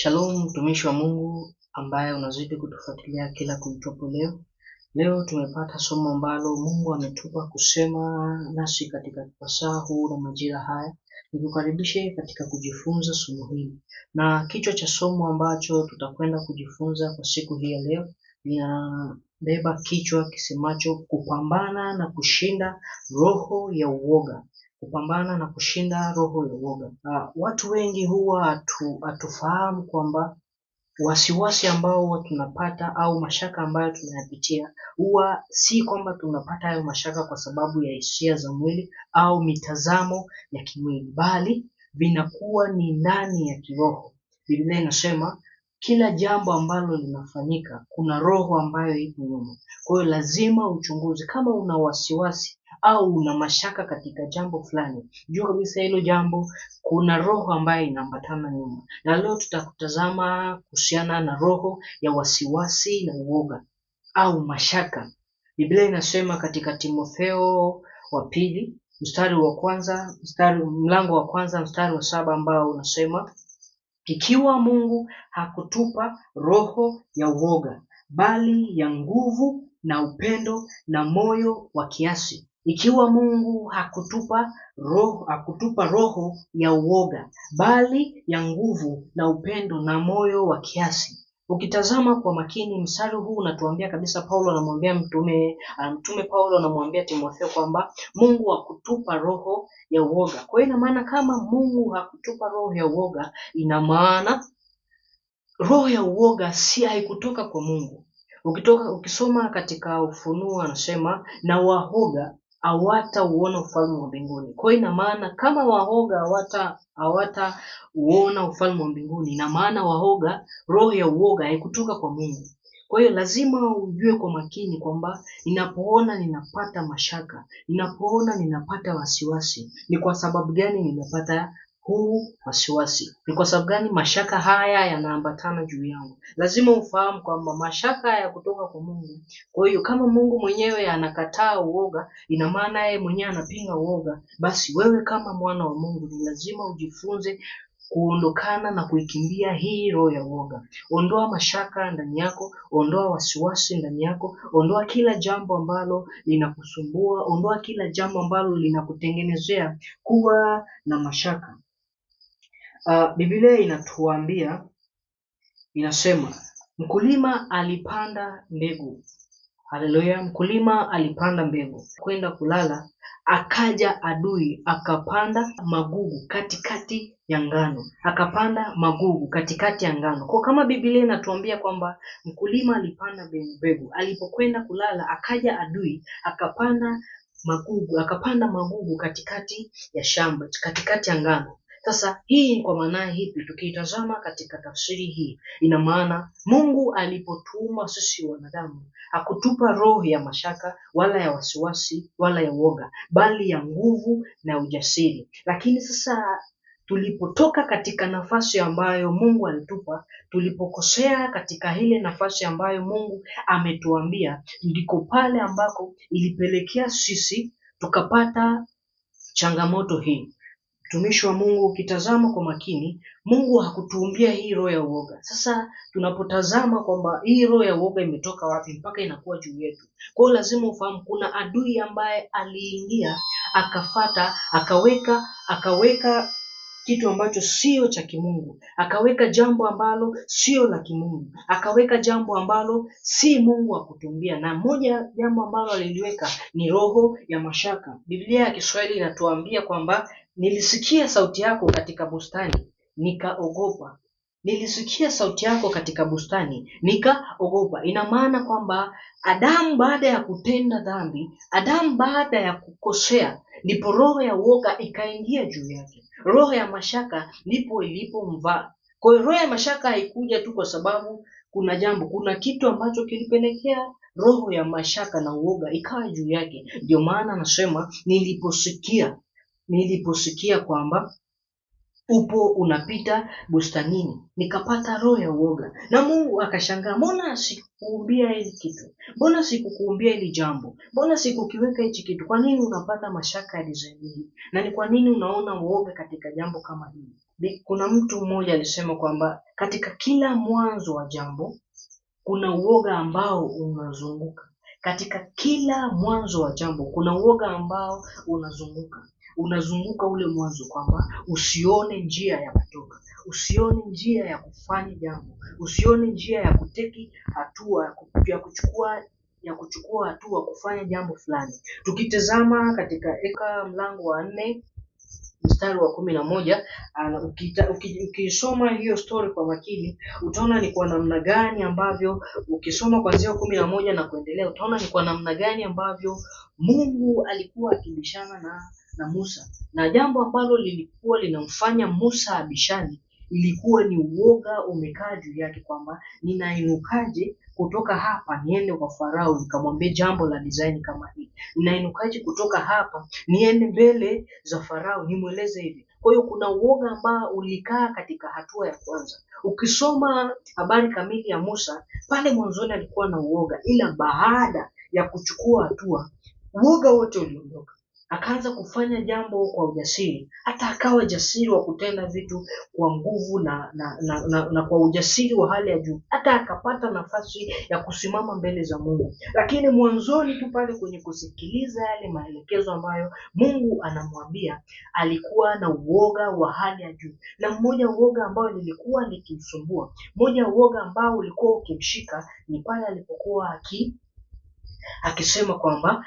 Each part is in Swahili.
Shalom mtumishi wa Mungu ambaye unazidi kutufuatilia kila kuitwapo leo. Leo tumepata somo ambalo Mungu ametupa kusema nasi katika wasaa huu na majira haya. Nikukaribishe katika kujifunza somo hili, na kichwa cha somo ambacho tutakwenda kujifunza kwa siku hii ya leo linabeba kichwa kisemacho kupambana na kushinda roho ya uoga kupambana na kushinda roho ya uoga. Uh, watu wengi huwa hatufahamu hatufahamu kwamba wasiwasi ambao huwa tunapata au mashaka ambayo tunayapitia huwa si kwamba tunapata hayo mashaka kwa sababu ya hisia za mwili au mitazamo ya kimwili, bali vinakuwa ni ndani ya kiroho. Biblia inasema kila jambo ambalo linafanyika kuna roho ambayo ipo nyuma. Kwa hiyo lazima uchunguze. Kama una wasiwasi au una mashaka katika jambo fulani, jua kabisa hilo jambo kuna roho ambayo inaambatana nyuma. Na leo tutakutazama kuhusiana na roho ya wasiwasi na uoga au mashaka. Biblia inasema katika Timotheo wa pili mstari wa kwanza mstari mlango wa kwanza mstari wa saba ambao unasema ikiwa Mungu hakutupa roho ya uoga, bali ya nguvu na upendo na moyo wa kiasi. Ikiwa Mungu hakutupa roho, hakutupa roho ya uoga, bali ya nguvu na upendo na moyo wa kiasi. Ukitazama kwa makini mstari huu unatuambia kabisa, Paulo anamwambia mtume ah, mtume Paulo anamwambia Timotheo kwamba Mungu hakutupa roho ya uoga. Kwa hiyo ina maana kama Mungu hakutupa roho ya uoga, ina maana roho ya uoga si haikutoka kwa Mungu. Ukitoka ukisoma katika Ufunuo anasema na waoga hawatauona ufalme wa mbinguni. Kwa hiyo ina maana kama waoga hawata hawatauona ufalme wa mbinguni, ina maana waoga, roho ya uoga haikutoka kwa Mungu. Kwa hiyo lazima ujue kwa makini kwamba ninapoona ninapata mashaka, ninapoona ninapata wasiwasi, ni kwa sababu gani ninapata huu wasiwasi. Ni kwa sababu gani mashaka haya yanaambatana juu yangu? Lazima ufahamu kwamba mashaka haya kutoka kwa Mungu. Kwa hiyo kama Mungu mwenyewe anakataa uoga, ina maana yeye mwenyewe anapinga uoga, basi wewe kama mwana wa Mungu ni lazima ujifunze kuondokana na kuikimbia hii roho ya uoga. Ondoa mashaka ndani yako, ondoa wasiwasi ndani yako, ondoa kila jambo ambalo linakusumbua, ondoa kila jambo ambalo linakutengenezea kuwa na mashaka. Uh, Biblia inatuambia inasema mkulima alipanda mbegu. Haleluya, mkulima alipanda mbegu kwenda kulala, akaja adui akapanda magugu katikati ya ngano, akapanda magugu katikati ya ngano. Kwa kama Biblia inatuambia kwamba mkulima alipanda mbegu, alipokwenda kulala akaja adui akapanda magugu, akapanda magugu katikati ya shamba, katikati ya ngano sasa hii kwa maana hipi, tukiitazama katika tafsiri hii, ina maana Mungu alipotuma sisi wanadamu hakutupa roho ya mashaka wala ya wasiwasi wala ya uoga, bali ya nguvu na ujasiri. Lakini sasa tulipotoka katika nafasi ambayo Mungu alitupa, tulipokosea katika ile nafasi ambayo Mungu ametuambia, ndiko pale ambako ilipelekea sisi tukapata changamoto hii. Mtumishi wa Mungu, ukitazama kwa makini, Mungu hakutuumbia hii roho ya uoga. Sasa tunapotazama kwamba hii roho ya uoga imetoka wapi mpaka inakuwa juu yetu, kwa hiyo lazima ufahamu kuna adui ambaye aliingia akafata, akaweka akaweka kitu ambacho sio cha kimungu, akaweka jambo ambalo sio la kimungu, akaweka jambo ambalo si Mungu akutumbia. Na moja jambo ambalo aliliweka ni roho ya mashaka. Biblia ya Kiswahili inatuambia kwamba Nilisikia sauti yako katika bustani, nikaogopa. Nilisikia sauti yako katika bustani, nikaogopa. Ina maana kwamba Adamu baada ya kutenda dhambi, Adamu baada ya kukosea, ndipo roho ya uoga ikaingia juu yake. Roho ya mashaka ndipo ilipomvaa. Kwa hiyo roho ya mashaka haikuja tu kwa sababu kuna jambo, kuna kitu ambacho kilipelekea roho ya mashaka na uoga ikawa juu yake. Ndio maana anasema niliposikia Niliposikia kwamba upo unapita bustanini, nikapata roho ya uoga, na Mungu akashangaa, mbona sikukuumbia hili kitu? Mbona sikukuumbia hili jambo? Mbona sikukiweka hichi kitu? Kwa nini unapata mashaka ya dizaini na ni kwa nini unaona uoga katika jambo kama hili? Kuna mtu mmoja alisema kwamba katika kila mwanzo wa jambo kuna uoga ambao unazunguka. Katika kila mwanzo wa jambo kuna uoga ambao unazunguka unazunguka ule mwanzo, kwamba usione njia ya kutoka, usione njia ya kufanya jambo, usione njia ya kuteki hatua ya kuchukua ya kuchukua hatua kufanya jambo fulani. Tukitazama katika Eka mlango wa nne mstari wa kumi na moja ah, ukisoma hiyo stori kwa makini utaona ni kwa namna gani ambavyo ukisoma kuanzia kumi na moja na kuendelea utaona ni kwa namna gani ambavyo Mungu alikuwa akibishana na na Musa, na jambo ambalo lilikuwa linamfanya Musa abishani ilikuwa ni uoga umekaa juu yake, kwamba ninainukaje kutoka hapa niende kwa Farao nikamwambie jambo la design kama hili, ninainukaje kutoka hapa niende mbele za Farao nimweleze hivi. Kwa hiyo kuna uoga ambao ulikaa katika hatua ya kwanza. Ukisoma habari kamili ya Musa pale mwanzoni alikuwa na uoga, ila baada ya kuchukua hatua uoga wote uliondoka akaanza kufanya jambo kwa ujasiri, hata akawa jasiri wa kutenda vitu kwa nguvu na na, na, na na kwa ujasiri wa hali ya juu, hata akapata nafasi ya kusimama mbele za Mungu. Lakini mwanzoni tu pale kwenye kusikiliza yale maelekezo ambayo Mungu anamwambia, alikuwa na uoga wa hali ya juu, na mmoja uoga ambao lilikuwa likimsumbua, mmoja uoga ambao ulikuwa ukimshika ni pale alipokuwa aki akisema kwamba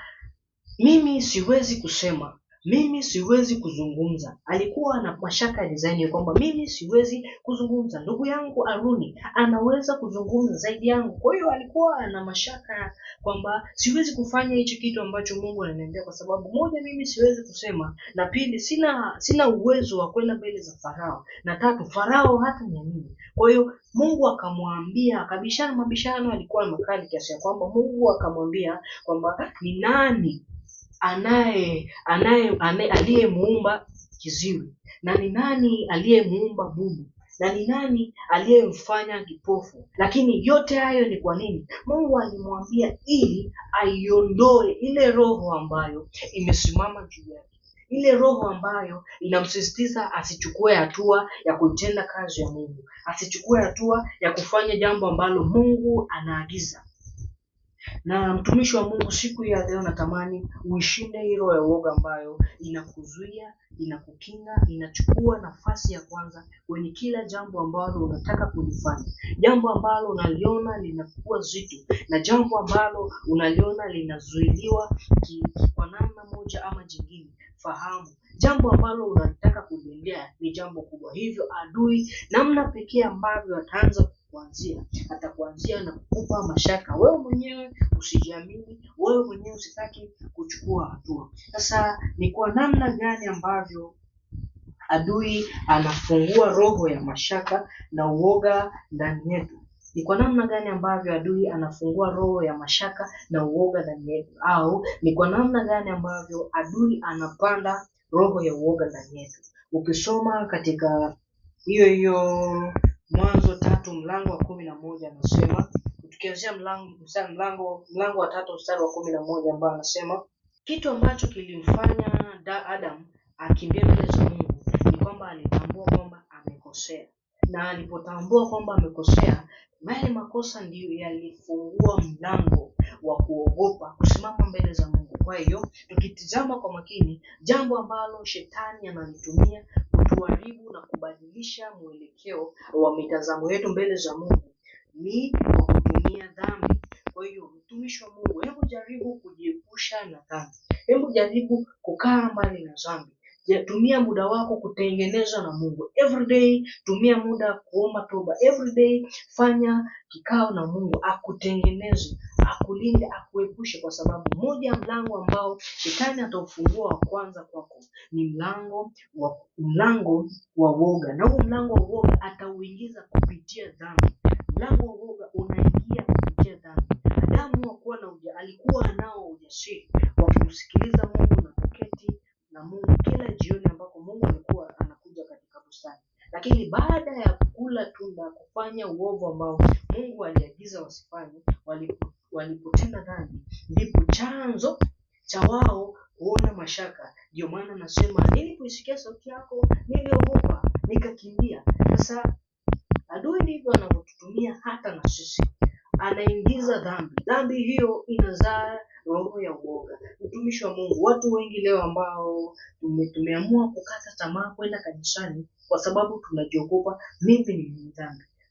mimi siwezi kusema mimi siwezi kuzungumza. Alikuwa na mashaka design kwamba mimi siwezi kuzungumza, ndugu yangu Aruni anaweza kuzungumza zaidi yangu. Kwa hiyo alikuwa na mashaka kwamba siwezi kufanya hicho kitu ambacho Mungu ananiambia, kwa sababu moja, mimi siwezi kusema, na pili, sina sina uwezo wa kwenda mbele za Farao, na tatu, Farao hata niamini. Kwa hiyo Mungu akamwambia, akabishana mabishano, alikuwa makali kiasi ya kwamba Mungu akamwambia kwamba ni nani anaye anaye aliyemuumba kiziwi na ni nani aliyemuumba bubu na ni nani aliyemfanya kipofu? Lakini yote hayo ni kwa nini? Mungu alimwambia ili aiondoe ile roho ambayo imesimama juu yake, ile roho ambayo inamsisitiza asichukue hatua ya kutenda kazi ya Mungu, asichukue hatua ya kufanya jambo ambalo Mungu anaagiza. Na mtumishi wa Mungu, siku ya leo natamani uishinde hilo ya uoga ambayo inakuzuia, inakukinga, inachukua nafasi ya kwanza kwenye kila jambo ambalo unataka kulifanya, jambo ambalo unaliona linakuwa zito na jambo ambalo unaliona linazuiliwa kwa namna moja ama jingine. Fahamu jambo ambalo unataka kuliendea ni jambo kubwa, hivyo adui namna pekee ambavyo ataanza kuanzia atakuanzia na kukupa mashaka wewe mwenyewe usijiamini wewe mwenyewe usitaki kuchukua hatua sasa ni kwa namna gani ambavyo adui anafungua roho ya mashaka na uoga ndani yetu ni kwa namna gani ambavyo adui anafungua roho ya mashaka na uoga ndani yetu au ni kwa namna gani ambavyo adui anapanda roho ya uoga ndani yetu ukisoma katika hiyo hiyo Mwanzo tatu mlango wa kumi na moja anasema tukianzia mlango, mlango, mlango wa tatu mstari wa kumi na moja ambao anasema kitu ambacho kilimfanya Adam akimbia mbele za Mungu ni kwamba alitambua kwamba amekosea, na alipotambua kwamba amekosea, yale makosa ndiyo yalifungua mlango wa kuogopa kusimama mbele za Mungu. Kwa hiyo tukitizama kwa makini, jambo ambalo shetani analitumia kutuharibu na kubadilisha mwelekeo wa mitazamo yetu mbele za Mungu ni kwa kutumia dhambi. Kwa hiyo mtumishi wa Mungu, hebu jaribu kujiepusha na dhambi, hebu jaribu kukaa mbali na dhambi tumia muda wako kutengeneza na Mungu day Tumia muda kuomba toba day fanya kikao na Mungu akutengeneze, akulinde, akuepushe, kwa sababu moja mlango ambao shetani ataufungua wa kwanza kwako ni mlango wa mlango wa woga, na huo mlango wa woga atauingiza kupitia dhambi. Mlango wa woga unaingia kupitia dhambi. Adamu hakuwa na uja, alikuwa anao ujasiri wa kumsikiliza Mungu na kuketi na Mungu kila jioni ambapo Mungu alikuwa anakuja katika bustani. Lakini baada ya kula tunda, kufanya uovu ambao Mungu aliagiza wasifanye, walipotenda dhambi, ndipo chanzo cha wao kuona mashaka. Ndio maana nasema nilipoisikia sauti yako niliogopa, nikakimbia. Sasa adui ndivyo anavyotutumia hata na sisi, anaingiza dhambi. Dhambi hiyo inazaa roho ya uoga. Mtumishi wa Mungu, watu wengi leo ambao tumeamua kukata tamaa kwenda kanisani kwa sababu tunajiogopa, mimi ni mwenye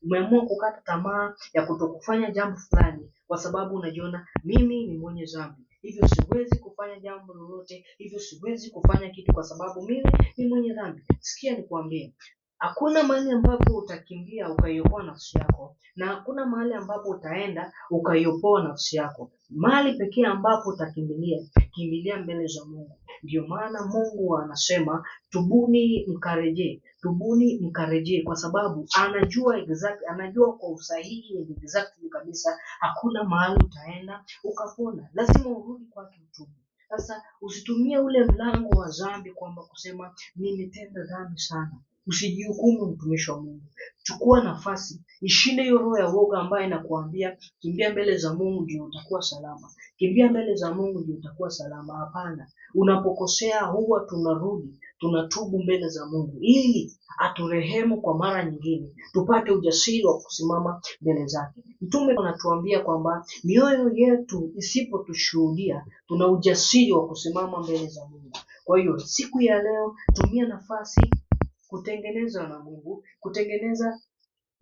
Umeamua kukata tamaa ya kutokufanya jambo fulani kwa sababu unajiona, mimi ni mwenye dhambi, hivyo siwezi kufanya jambo lolote, hivyo siwezi kufanya kitu kwa sababu mimi ni mwenye dhambi. Sikia nikwambie, Hakuna mahali ambapo utakimbia ukaiokoa nafsi yako, na hakuna mahali ambapo utaenda ukaiokoa nafsi yako. Mahali pekee ambapo utakimbilia, kimbilia mbele za Mungu. Ndio maana Mungu anasema tubuni, mkarejee, tubuni, mkarejee, kwa sababu anajua exact, anajua kwa usahihi exact kabisa, hakuna mahali utaenda ukapona, lazima urudi kwake utubu. Sasa usitumie ule mlango wa dhambi kwamba kusema nimetenda dhambi sana Usijihukumu mtumishi wa Mungu, chukua nafasi, ishinde hiyo roho ya uoga ambaye inakuambia kimbia mbele za Mungu ndio utakuwa salama, kimbia mbele za Mungu ndio utakuwa salama. Hapana, unapokosea huwa tunarudi tunatubu mbele za Mungu ili aturehemu kwa mara nyingine, tupate ujasiri wa kusimama mbele zake. Mtume anatuambia kwamba mioyo yetu isipotushuhudia, tuna ujasiri wa kusimama mbele za Mungu. Kwa hiyo siku ya leo tumia nafasi kutengenezwa na Mungu, kutengeneza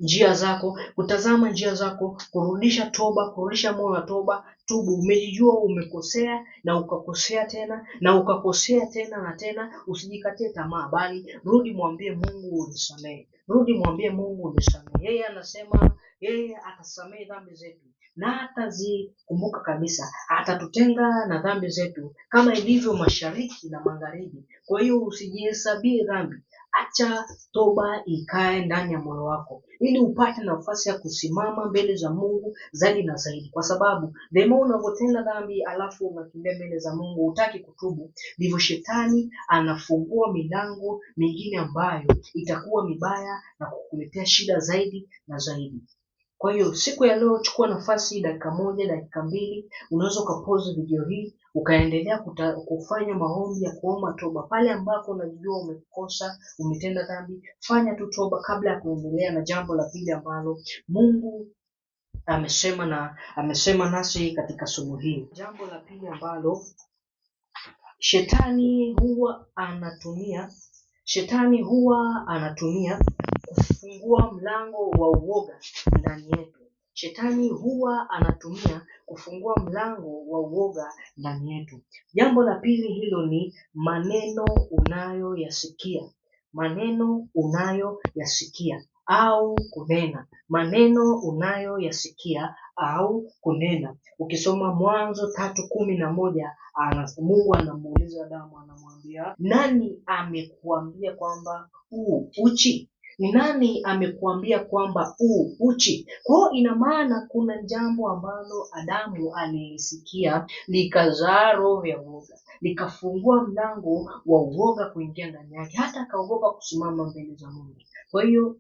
njia zako, kutazama njia zako, kurudisha toba, kurudisha moyo wa toba. Tubu, umejijua umekosea na ukakosea tena na ukakosea tena na tena. Usijikatie tamaa, bali rudi, mwambie Mungu unisamehe. Rudi, mwambie Mungu unisamehe. Yeye anasema yeye atasamehe dhambi zetu na atazikumbuka kabisa, atatutenga na dhambi zetu kama ilivyo mashariki na magharibi. Kwa hiyo usijihesabie dhambi, Acha toba ikae ndani ya moyo wako ili upate nafasi ya kusimama mbele za Mungu zaidi na zaidi, kwa sababu demo unavyotenda dhambi alafu unakimbia mbele za Mungu, utaki kutubu, ndivyo shetani anafungua milango mingine ambayo itakuwa mibaya na kukuletea shida zaidi na zaidi. Kwa hiyo siku ya leo, chukua nafasi dakika moja, dakika mbili, unaweza ukapoze video hii ukaendelea kuta, kufanya maombi ya kuomba toba pale ambapo unajua umekosa, umetenda dhambi. Fanya tu toba kabla ya kuendelea na jambo la pili ambalo Mungu amesema na amesema nasi katika somo hili. Jambo la pili ambalo shetani huwa anatumia shetani huwa anatumia kufungua mlango wa uoga ndani yetu Shetani huwa anatumia kufungua mlango wa uoga ndani yetu. Jambo la pili hilo ni maneno unayoyasikia, maneno unayoyasikia au kunena, maneno unayoyasikia au kunena. Ukisoma Mwanzo tatu kumi na moja Mungu anamuuliza Adamu, anamwambia nani amekuambia kwamba u uchi? Ni nani amekuambia kwamba u uchi? kwao ina maana kuna jambo ambalo Adamu alisikia likazaa roho ya uoga, likafungua mlango wa uoga kuingia ndani yake, hata akaogopa kusimama mbele za Mungu. Kwa hiyo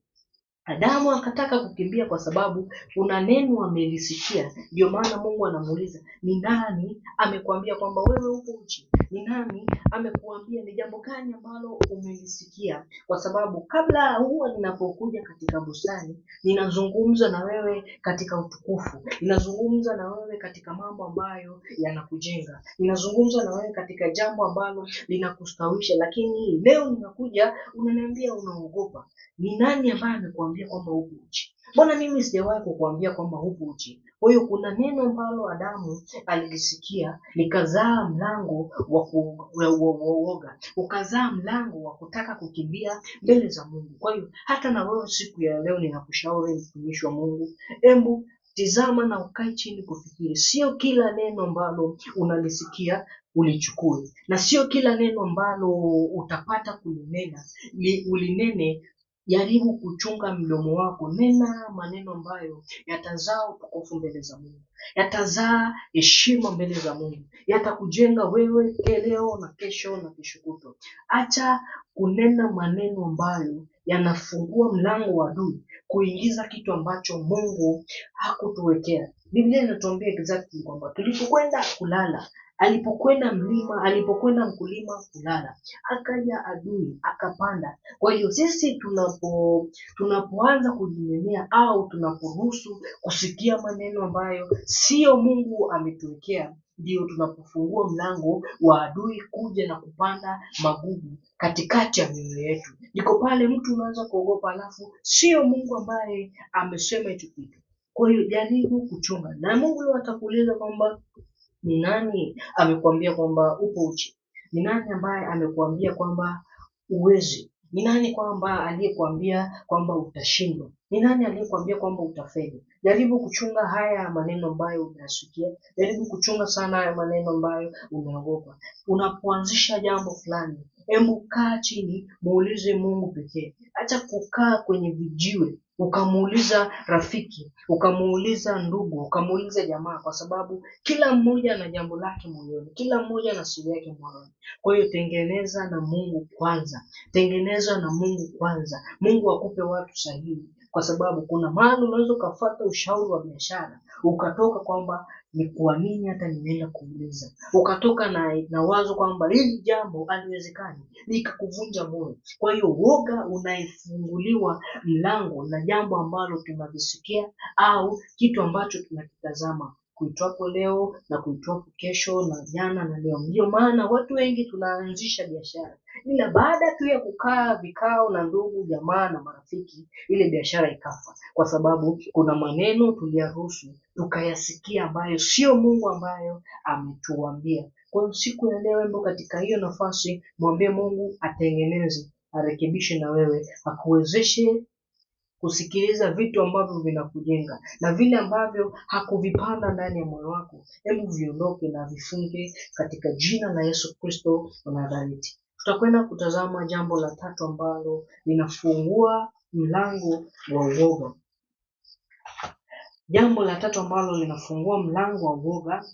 Adamu akataka kukimbia kwa sababu kuna neno amelisikia. Ndio maana Mungu anamuuliza, ni nani amekuambia kwamba wewe uko uchi? Ni nani amekuambia? Ni jambo gani ambalo umelisikia? Kwa sababu kabla huwa ninapokuja katika bustani, ninazungumza na wewe katika utukufu, ninazungumza na wewe katika mambo ambayo yanakujenga, ninazungumza na wewe katika jambo ambalo linakustawisha. Lakini leo ninakuja, unaniambia unaogopa. Ni nani ambaye amekuambia kukuambia kwamba huko uchi. Mbona mimi sijawahi kukuambia kwamba huko uchi? Kwa hiyo kuna neno ambalo Adamu alilisikia likazaa mlango wa kuoga, ukazaa mlango wa kutaka kukimbia mbele za Mungu. Kwa hiyo hata na wewe siku ya leo ninakushauri mtumishi wa Mungu, embu tizama na ukae chini kufikiri. Sio kila neno ambalo unalisikia ulichukue, na sio kila neno ambalo utapata kulinena ulinene Jaribu kuchunga mdomo wako, nena maneno ambayo yatazaa utukufu mbele za Mungu, yatazaa heshima mbele za Mungu, yatakujenga wewe leo na kesho na kesho kutwa. Acha kunena maneno ambayo yanafungua mlango wa adui kuingiza kitu ambacho Mungu hakutuwekea. Biblia inatuambia exactly kwamba tulipokwenda kulala Alipokwenda mlima, alipokwenda mkulima kulala, akaja adui akapanda. Kwa hiyo sisi tunapo tunapoanza kujinenea au tunaporuhusu kusikia maneno ambayo sio Mungu ametuwekea, ndio tunapofungua mlango wa adui kuja na kupanda magugu katikati ya mioyo yetu. Niko pale mtu unaanza kuogopa, alafu sio Mungu ambaye amesema hicho kitu. Kwa hiyo jaribu kuchunga, na Mungu leo atakuuliza kwamba ni nani amekuambia kwamba upo uchi? Ni nani ambaye amekuambia kwamba uwezi? Ni nani kwamba aliyekuambia kwamba utashindwa? Ni nani aliyekuambia kwamba utafeli? Jaribu kuchunga haya maneno ambayo unayasikia, jaribu kuchunga sana haya maneno ambayo unaogopa. Unapoanzisha jambo fulani, hebu kaa chini, muulize Mungu pekee. Acha kukaa kwenye vijiwe ukamuuliza rafiki ukamuuliza ndugu ukamuuliza jamaa kwa sababu kila mmoja ana jambo lake moyoni kila mmoja ana siri yake moyoni kwa hiyo tengeneza na mungu kwanza tengeneza na mungu kwanza mungu akupe watu sahihi kwa sababu kuna mahali unaweza ukafata ushauri wa biashara ukatoka kwamba ni kuamini hata nimeenda kuuliza, ukatoka na, na wazo kwamba hili jambo haliwezekani, nikakuvunja moyo. Kwa hiyo woga unayefunguliwa mlango na jambo ambalo tunalisikia au kitu ambacho tunakitazama kuitwapo leo na kuitwapo kesho na jana na leo. Ndiyo maana watu wengi tunaanzisha biashara, ila baada tu ya kukaa vikao na ndugu jamaa na marafiki, ile biashara ikafa, kwa sababu kuna maneno tuliyaruhusu tukayasikia, ambayo sio Mungu ambayo ametuambia. Kwa hiyo siku ya leo ndo katika hiyo nafasi, mwambie Mungu atengeneze, arekebishe na wewe akuwezeshe kusikiliza vitu ambavyo vinakujenga na vile ambavyo hakuvipanda ndani ya moyo wako, hebu viondoke na vifunge katika jina la Yesu Kristo wa Nazareti. Tutakwenda kutazama jambo la tatu ambalo linafungua mlango wa uoga. Jambo la tatu ambalo linafungua mlango wa uoga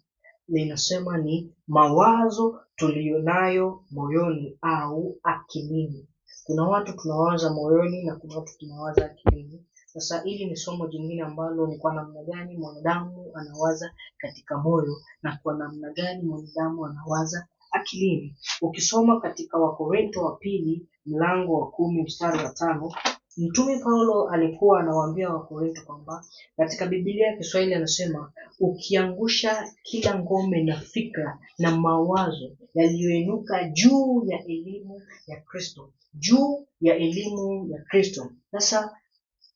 linasema ni mawazo tuliyonayo moyoni au akilini. Kuna watu tunawaza moyoni na kuna watu tunawaza akilini. Sasa hili ni somo jingine ambalo ni kwa namna gani mwanadamu anawaza katika moyo na kwa namna gani mwanadamu anawaza akilini. Ukisoma katika Wakorinto wa pili mlango wa kumi mstari wa tano Mtume Paulo alikuwa anawaambia Wakorinto kwamba katika Biblia ya Kiswahili anasema ukiangusha kila ngome na fikra na mawazo yaliyoinuka juu ya elimu ya Kristo, juu ya elimu ya Kristo. Sasa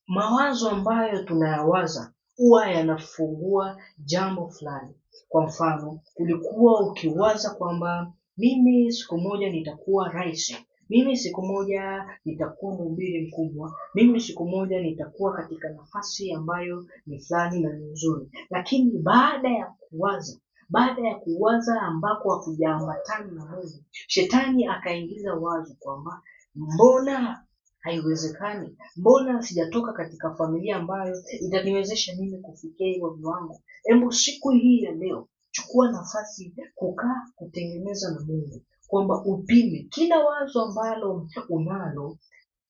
mawazo ambayo tunayawaza huwa yanafungua jambo fulani. Kwa mfano, ulikuwa ukiwaza kwamba mimi siku moja nitakuwa rais, mimi siku moja nitakuwa mhubiri mkubwa, mimi siku moja nitakuwa katika nafasi ambayo ni fulani na ni nzuri, lakini baada ya kuwaza baada ya kuwaza ambako hakujaambatana na Mungu, shetani akaingiza wazo kwamba mbona haiwezekani, mbona sijatoka katika familia ambayo itaniwezesha mimi kufikia hivyo viwango. Hebu siku hii ya leo chukua nafasi kukaa kutengeneza na Mungu kwamba upime kila wazo ambalo unalo,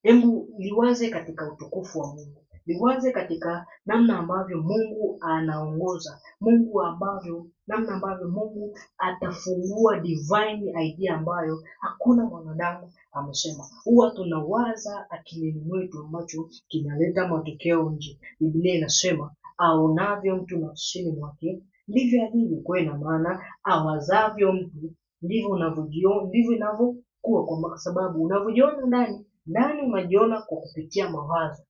hebu liwaze katika utukufu wa Mungu liwaze katika namna ambavyo Mungu anaongoza, Mungu ambavyo namna ambavyo Mungu atafungua divine idea ambayo hakuna mwanadamu amesema. Huwa tunawaza akilini mwetu ambacho kinaleta matokeo nje. Biblia inasema aonavyo mtu nafsini mwake ndivyo alivyo. Kwa ina maana awazavyo mtu ndivyo unavyojiona, ndivyo inavyokuwa, kwa sababu unavyojiona ndani ndani unajiona kwa kupitia mawazo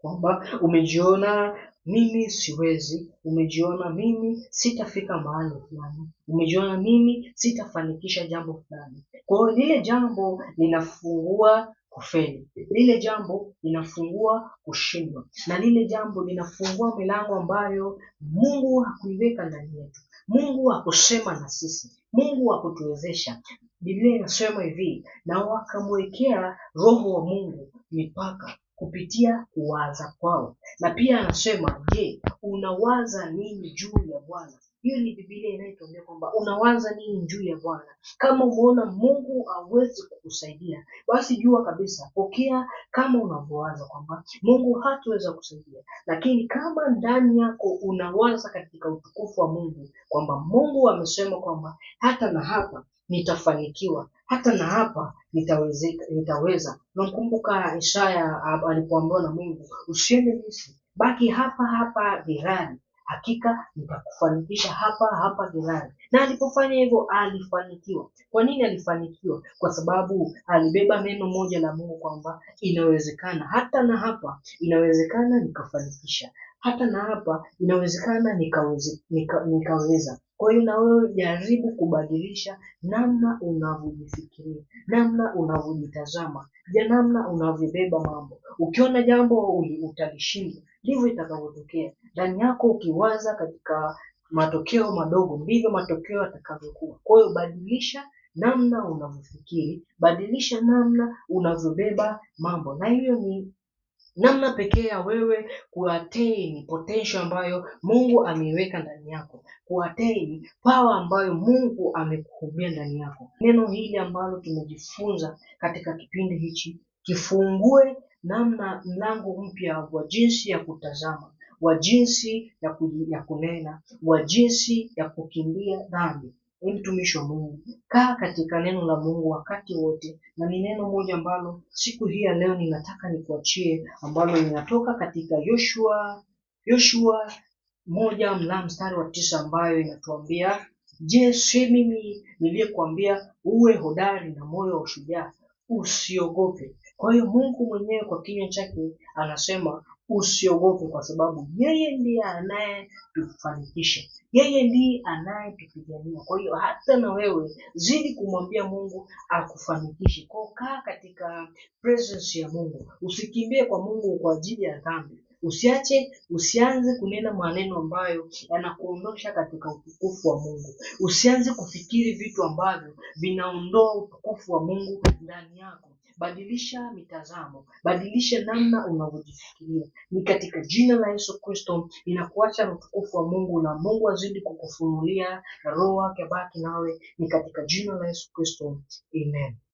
kwamba umejiona mimi siwezi, umejiona mimi sitafika mahali fulani, umejiona mimi sitafanikisha jambo fulani. Kwa hiyo lile jambo linafungua kufeli, lile jambo linafungua kushindwa, na lile jambo linafungua milango ambayo Mungu hakuiweka ndani yetu. Mungu hakusema na sisi, Mungu hakutuwezesha. Biblia inasema hivi, na wakamwekea Roho wa Mungu mipaka kupitia kuwaza kwao. Na pia anasema je, unawaza nini juu ya Bwana? Hiyo ni Biblia inayotuambia kwamba unawaza nini juu ya Bwana. Kama umeona Mungu hawezi kukusaidia, basi jua kabisa, pokea kama unavyowaza kwamba Mungu hataweza kusaidia. Lakini kama ndani yako unawaza katika utukufu wa Mungu kwamba Mungu amesema kwamba hata na hapa nitafanikiwa, hata na hapa nitawezeka, nitaweza. Namkumbuka Ishaya alipoambiwa na Mungu, usiende Misri, baki hapa hapa Gerari, hakika nitakufanikisha hapa hapa Gerari. Na alipofanya hivyo alifanikiwa. Kwa nini alifanikiwa? Kwa sababu alibeba neno moja la Mungu kwamba inawezekana, hata na hapa inawezekana nikafanikisha hata na hapa inawezekana nikaweza kwa hiyo na wewe jaribu kubadilisha namna unavyojifikiria, namna unavyojitazama, ja namna unavyobeba mambo. Ukiona jambo utalishinda, ndivyo itakavyotokea ndani yako. Ukiwaza katika matokeo madogo, ndivyo matokeo yatakavyokuwa. Kwa hiyo badilisha namna unavyofikiri, badilisha namna unavyobeba mambo, na hiyo ni namna pekee ya wewe kuattain potential ambayo Mungu ameiweka ndani yako, kuattain power ambayo Mungu amekuhubia ndani yako. Neno hili ambalo tumejifunza katika kipindi hichi kifungue namna mlango mpya wa jinsi ya kutazama, wa jinsi ya, ku, ya kunena, wa jinsi ya kukimbia dhambi. Ni mtumishi wa Mungu, kaa katika neno la Mungu wakati wote, na ni neno moja ambalo siku hii ya leo ninataka nikuachie, ambalo linatoka katika Yoshua Yoshua moja mlango mstari wa tisa, ambayo inatuambia je, si mimi niliyekuambia uwe hodari na moyo wa ushujaa, usiogope. Kwa hiyo Mungu mwenyewe kwa kinywa chake anasema Usiogope kwa sababu yeye ndiye anayetufanikisha, yeye ndiye anayetupigania. Kwa hiyo hata na wewe zidi kumwambia Mungu akufanikishe. Kwa kaa katika presence ya Mungu, usikimbie kwa Mungu kwa ajili ya dhambi. Usiache, usianze kunena maneno ambayo yanakuondosha katika utukufu wa Mungu. Usianze kufikiri vitu ambavyo vinaondoa utukufu wa Mungu ndani yako. Badilisha mitazamo, badilisha namna unavyojifikiria. Ni katika jina la Yesu Kristo ninakuacha na utukufu wa Mungu, na Mungu azidi kukufunulia na roho yake abaki nawe. Ni katika jina la Yesu Kristo, amen.